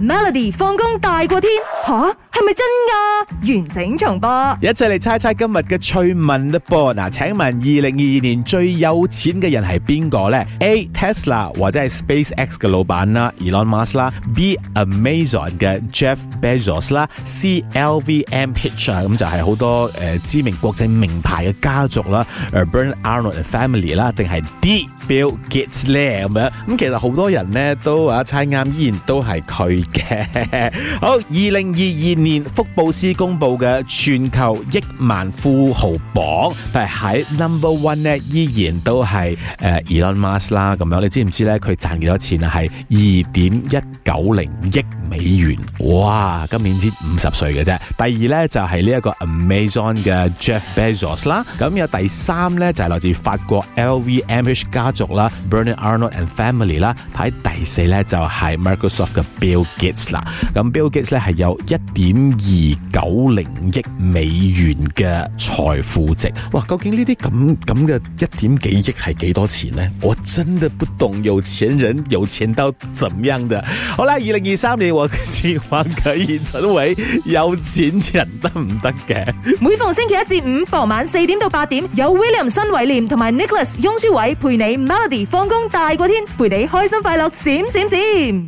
Melody 放工大過天吓，係咪真㗎？完整重播，一齊嚟猜猜今日嘅趣聞啦！波嗱，請問二零二二年最有錢嘅人係邊個咧？A. Tesla 或者係 SpaceX 嘅老闆啦，Elon Musk 啦；B. Amazon 嘅 Jeff Bezos 啦；C. LVMH p i t c 啊，咁就係好多誒知名國際名牌嘅家族啦，Bernard Arnault 嘅 family 啦，定係 D. Bill Gates 咧咁樣。咁其實好多人咧都啊猜啱，依然都係佢。 好，二零二二年福布斯公布嘅全球億萬富豪榜，但係喺 number one 咧，依然都係誒、呃、Elon Musk 啦。咁樣你知唔知呢？佢賺幾多錢啊？係二點一九零億美元。哇！今年先五十歲嘅啫。第二呢就係呢一個 Amazon 嘅 Jeff Bezos 啦。咁有第三呢就係、是、來自法國 LVMH 家族啦，Bernard Arnault and family 啦。排喺第四呢就係、是、Microsoft 嘅 Bill。啦，咁 Bill Gates 咧係有一點二九零億美元嘅財富值，哇！究竟呢啲咁咁嘅一點幾億係幾多錢呢？我真的不懂有錢人有錢到怎樣嘅。好啦，二零二三年我計劃可以成為有錢人得唔得嘅？每逢星期一至五傍晚四點到八點，有 William 新偉廉同埋 Nicholas 翁舒偉陪你 Melody 放工大過天，陪你開心快樂閃閃閃。閃閃閃。